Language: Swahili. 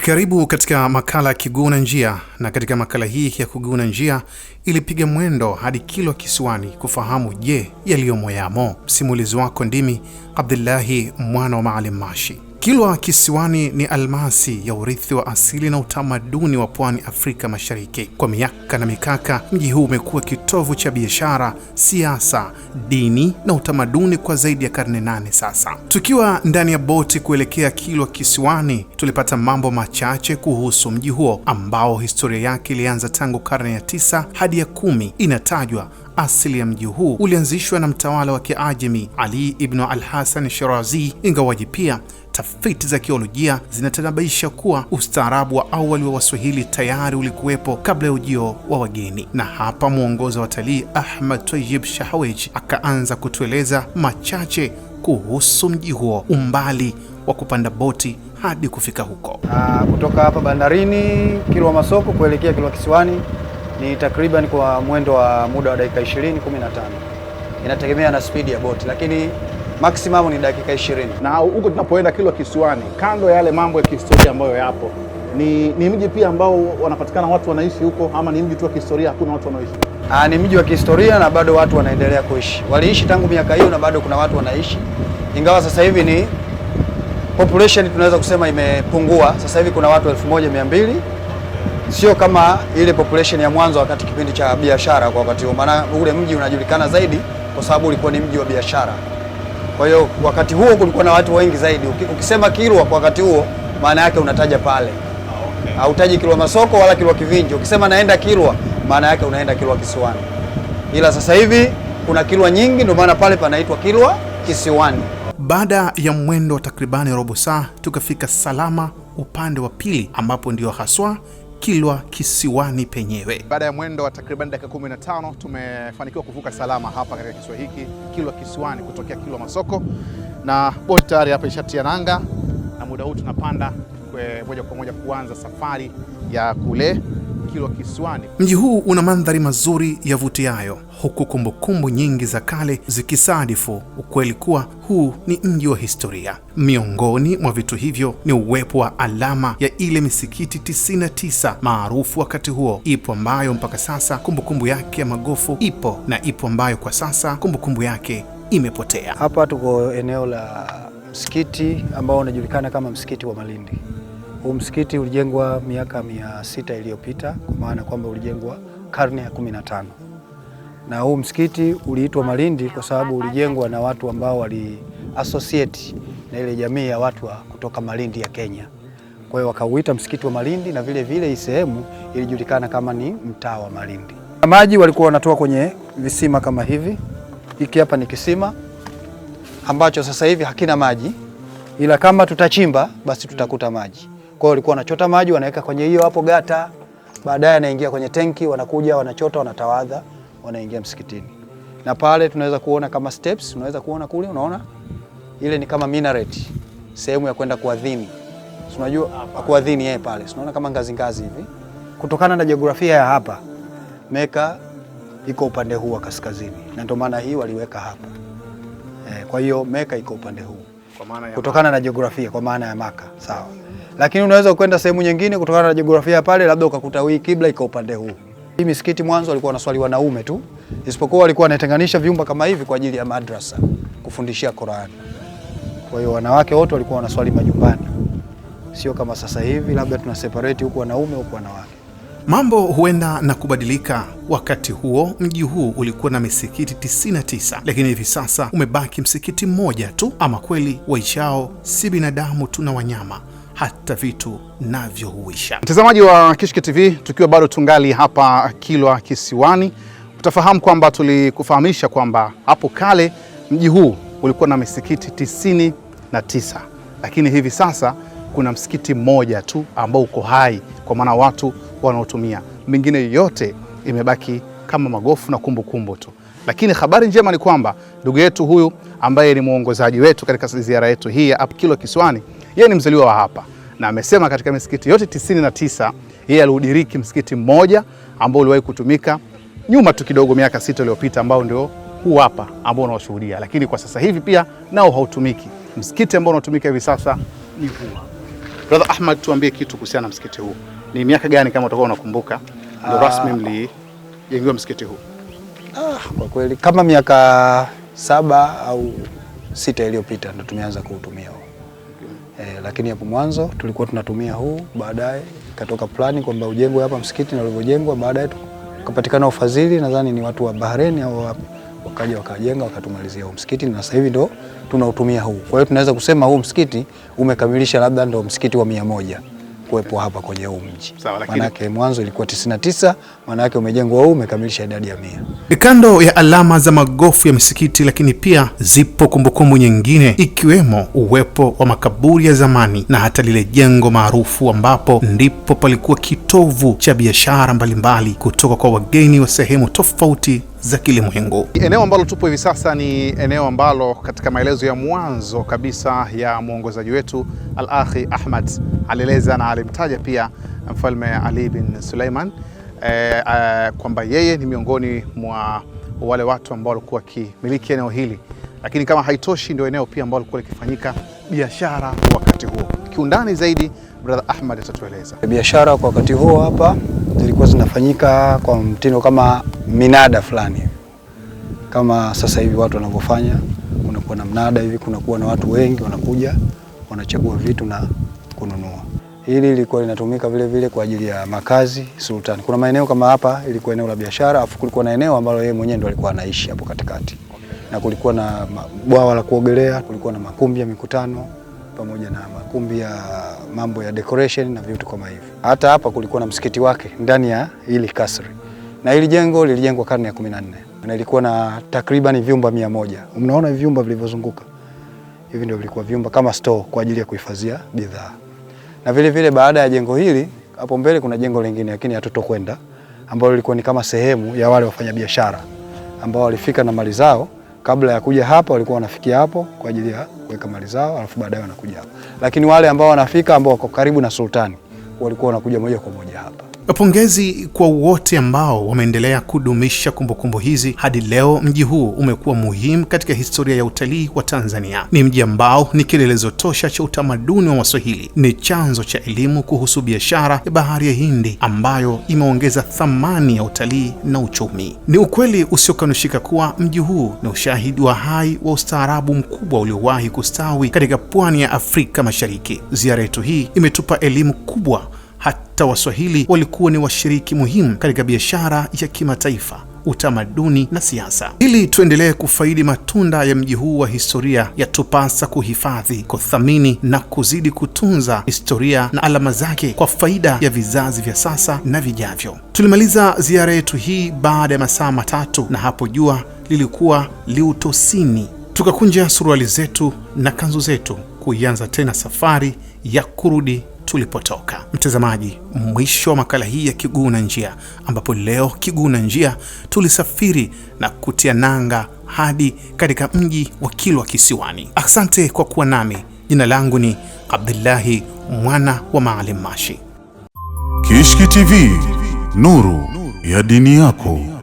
Karibu katika makala ya kiguu na Njia, na katika makala hii ya na Njia ilipiga mwendo hadi Kilwa Kisiwani kufahamu je, yaliyomo yamo. Msimulizi wako ndimi Abdullahi mwana wa Maalim Mashi. Kilwa Kisiwani ni almasi ya urithi wa asili na utamaduni wa pwani Afrika Mashariki. Kwa miaka na mikaka, mji huu umekuwa kitovu cha biashara, siasa, dini na utamaduni kwa zaidi ya karne nane sasa. Tukiwa ndani ya boti kuelekea Kilwa Kisiwani, tulipata mambo machache kuhusu mji huo ambao historia yake ilianza tangu karne ya tisa hadi ya kumi. Inatajwa asili ya mji huu ulianzishwa na mtawala wa Kiajemi Ali ibnu al-Hasan Shirazi, ingawaji pia tafiti za kiolojia zinatanabaisha kuwa ustaarabu wa awali wa Waswahili tayari ulikuwepo kabla ya ujio wa wageni, na hapa wa watalii Ahmad tayib shahawej akaanza kutueleza machache kuhusu mji huo, umbali wa kupanda boti hadi kufika huko. Aa, ah, kutoka hapa bandarini Kilwa Masoko kuelekea Kilwa Kisiwani ni takriban kwa mwendo wa muda wa dakika 20 15, inategemea na spidi ya boti, lakini maximum ni dakika 20. Na huko tunapoenda Kilwa Kisiwani, kando ya yale mambo ya kihistoria ambayo yapo, ni, ni mji pia ambao wanapatikana watu wanaishi huko, ama ni mji tu wa kihistoria, hakuna watu wanaoishi? Ah, ni mji wa kihistoria na bado watu wanaendelea kuishi, waliishi tangu miaka hiyo na bado kuna watu wanaishi, ingawa sasa hivi ni population tunaweza kusema imepungua. Sasa hivi kuna watu 1200 sio kama ile population ya mwanzo wakati kipindi cha biashara. Kwa wakati huo, maana ule mji unajulikana zaidi kwa sababu ulikuwa ni mji wa biashara. Kwa hiyo wakati huo kulikuwa na watu wengi zaidi. Ukisema Kilwa kwa wakati huo, maana yake unataja pale hautaji okay. Kilwa Masoko wala Kilwa Kivinje. Ukisema naenda Kilwa, maana yake unaenda Kilwa Kisiwani, ila sasa hivi kuna Kilwa nyingi, ndio maana pale panaitwa Kilwa Kisiwani. Baada ya mwendo wa takribani robo saa, tukafika salama upande wa pili ambapo ndio haswa kilwa kisiwani penyewe. Baada ya mwendo wa takriban dakika 15 tumefanikiwa kuvuka salama hapa katika kisiwa hiki kilwa kisiwani kutokea kilwa Masoko, na boti tayari hapa ishatia nanga, na muda huu tunapanda moja kwa moja kuanza safari ya kule Kilwa kisiwani. Mji huu una mandhari mazuri yavutiayo, huku kumbukumbu nyingi za kale zikisadifu ukweli kuwa huu ni mji wa historia. Miongoni mwa vitu hivyo ni uwepo wa alama ya ile misikiti 99 maarufu wakati huo. Ipo ambayo mpaka sasa kumbukumbu yake ya magofu ipo na ipo ambayo kwa sasa kumbukumbu yake imepotea. Hapa tuko eneo la msikiti ambao unajulikana kama msikiti wa Malindi. Huu msikiti ulijengwa miaka mia sita iliyopita kwa maana kwamba ulijengwa karne ya kumi na tano na huu msikiti uliitwa Malindi kwa sababu ulijengwa na watu ambao wali associate na ile jamii ya watu wa kutoka Malindi ya Kenya. Kwa hiyo wakauita msikiti wa Malindi, na vile vile hii sehemu ilijulikana kama ni mtaa wa Malindi. Maji walikuwa wanatoa kwenye visima kama hivi. Hiki hapa ni kisima ambacho sasa hivi hakina maji, ila kama tutachimba basi tutakuta maji. Kwa hiyo walikuwa wanachota maji wanaweka kwenye hiyo hapo gata, baadaye anaingia kwenye tenki, wanakuja wanachota, wanatawadha, wanaingia msikitini. Na pale tunaweza kuona kama steps, unaweza kuona kule, unaona ile ni kama minaret, sehemu ya kwenda kuadhini. Unajua kuadhini yeye pale, unaona kama ngazi ngazi hivi. Kutokana na jiografia ya hapa, Meka iko upande huu wa kaskazini, na ndio maana hii waliweka hapa eh. Kwa hiyo Meka iko upande huu kutokana na jiografia, kwa maana ya Maka, sawa lakini unaweza kwenda sehemu nyingine kutokana na jiografia pale, labda ukakuta hii kibla iko upande huu. Hii misikiti mwanzo walikuwa wanaswali wanaume tu, isipokuwa walikuwa wanatenganisha vyumba kama hivi kwa ajili ya madrasa kufundishia Qur'an. Kwa hiyo wanawake wote walikuwa wanaswali majumbani, sio kama sasa hivi labda tuna separate huku wanaume huku wanawake. Mambo huenda na kubadilika. Wakati huo mji huu ulikuwa na misikiti 99 lakini hivi sasa umebaki msikiti mmoja tu. Ama kweli waishao si binadamu tu na wanyama hata vitu navyo huisha. Mtazamaji wa Kishki TV, tukiwa bado tungali hapa Kilwa Kisiwani, utafahamu kwamba tulikufahamisha kwamba hapo kale mji huu ulikuwa na misikiti tisini na tisa lakini hivi sasa kuna msikiti mmoja tu ambao uko hai kwa maana watu wanaotumia, mingine yote imebaki kama magofu na kumbukumbu kumbu tu. Lakini habari njema ni kwamba ndugu yetu huyu ambaye ni mwongozaji wetu katika ziara yetu hii ya Kilwa Kisiwani yeye ni mzaliwa wa hapa na amesema katika misikiti yote tisini na tisa yeye aliudiriki msikiti mmoja ambao uliwahi kutumika nyuma tu kidogo miaka sita iliyopita ambao ndio huu hapa ambao unaoshuhudia, lakini kwa sasa hivi pia nao hautumiki. Msikiti ambao unatumika hivi sasa ni huu. Brother Ahmad, tuambie kitu kuhusiana na msikiti huu. Ni miaka gani kama utakuwa unakumbuka ndio ah. rasmi mlijengiwa msikiti huu? Ah, kwa kweli kama miaka saba au sita iliyopita ndo tumeanza kuutumia huu eh, lakini hapo mwanzo tulikuwa tunatumia huu, baadaye ikatoka plani kwamba ujengwe hapa msikiti na ulivyojengwa baadaye ukapatikana ufadhili, nadhani ni watu wa Bahrain au wapi, wakaja wakajenga wakatumalizia huu msikiti, na sasa hivi ndo tunautumia huu. Kwa hiyo tunaweza kusema huu msikiti umekamilisha labda ndo msikiti wa mia moja kuwepo hapa kwenye huu mji. Maanake mwanzo ilikuwa 99, maanake umejengwa huu umekamilisha idadi ya mia. Kando ya alama za magofu ya misikiti, lakini pia zipo kumbukumbu nyingine ikiwemo uwepo wa makaburi ya zamani na hata lile jengo maarufu ambapo ndipo palikuwa kitovu cha biashara mbalimbali kutoka kwa wageni wa sehemu tofauti za kilimwengu. Eneo ambalo tupo hivi sasa ni eneo ambalo katika maelezo ya mwanzo kabisa ya mwongozaji wetu Al-Akhi Ahmad alieleza na alimtaja pia Mfalme Ali bin Suleiman eh, eh, kwamba yeye ni miongoni mwa wale watu ambao walikuwa wakimiliki eneo hili, lakini kama haitoshi, ndio eneo pia ambalo lilikuwa likifanyika biashara wakati huo. Kiundani zaidi brother Ahmad atatueleza biashara kwa wakati huo. Hapa zilikuwa zinafanyika kwa mtindo kama minada fulani hivi, kama sasa hivi watu wanavyofanya, unakuwa na mnada hivi, kunakuwa na watu wengi wanakuja wanachagua vitu na kununua. Hili lilikuwa linatumika vile vile kwa ajili ya makazi Sultani. Kuna maeneo kama hapa ilikuwa eneo la biashara, afu kulikuwa na eneo ambalo yeye mwenyewe ndo alikuwa anaishi hapo katikati, na kulikuwa na bwawa la kuogelea, kulikuwa na makumbi ya mikutano pamoja na makumbi ya mambo ya decoration na vitu kama hivyo. Hata hapa kulikuwa na msikiti wake ndani ya hili kasri na hili jengo lilijengwa karne ya 14 na ilikuwa na takriban vyumba mia moja. Mnaona vyumba vilivyozunguka hivi ndio vilikuwa vyumba kama store kwa ajili ya kuhifadhia bidhaa. Na vile vile baada ya jengo hili hapo mbele kuna jengo lingine lakini hatutokwenda, ambalo lilikuwa ni kama sehemu ya wale wafanyabiashara ambao walifika na mali zao kabla ya kuja hapa, walikuwa wanafikia hapo kwa ajili ya kuweka mali zao, alafu baadaye wanakuja hapa. Lakini wale ambao wanafika ambao wako karibu na sultani walikuwa wanakuja moja kwa moja hapa. Pongezi kwa wote ambao wameendelea kudumisha kumbukumbu hizi hadi leo. Mji huu umekuwa muhimu katika historia ya utalii wa Tanzania. Ni mji ambao ni kielelezo tosha cha utamaduni wa Waswahili, ni chanzo cha elimu kuhusu biashara ya bahari ya Hindi ambayo imeongeza thamani ya utalii na uchumi. Ni ukweli usiokanushika kuwa mji huu ni ushahidi wa hai wa ustaarabu mkubwa uliowahi kustawi katika pwani ya Afrika Mashariki. Ziara yetu hii imetupa elimu kubwa hata Waswahili walikuwa ni washiriki muhimu katika biashara ya kimataifa, utamaduni na siasa. Ili tuendelee kufaidi matunda ya mji huu wa historia, yatupasa kuhifadhi, kuthamini na kuzidi kutunza historia na alama zake kwa faida ya vizazi vya sasa na vijavyo. Tulimaliza ziara yetu hii baada ya masaa matatu, na hapo jua lilikuwa liutosini. Tukakunja suruali zetu na kanzu zetu kuianza tena safari ya kurudi tulipotoka. Mtazamaji, mwisho wa makala hii ya Kiguu na Njia, ambapo leo Kiguu na Njia tulisafiri na kutia nanga hadi katika mji wa Kilwa Kisiwani. Asante kwa kuwa nami. Jina langu ni Abdullahi mwana wa Maalim Mashi. Kishki TV, nuru ya dini yako.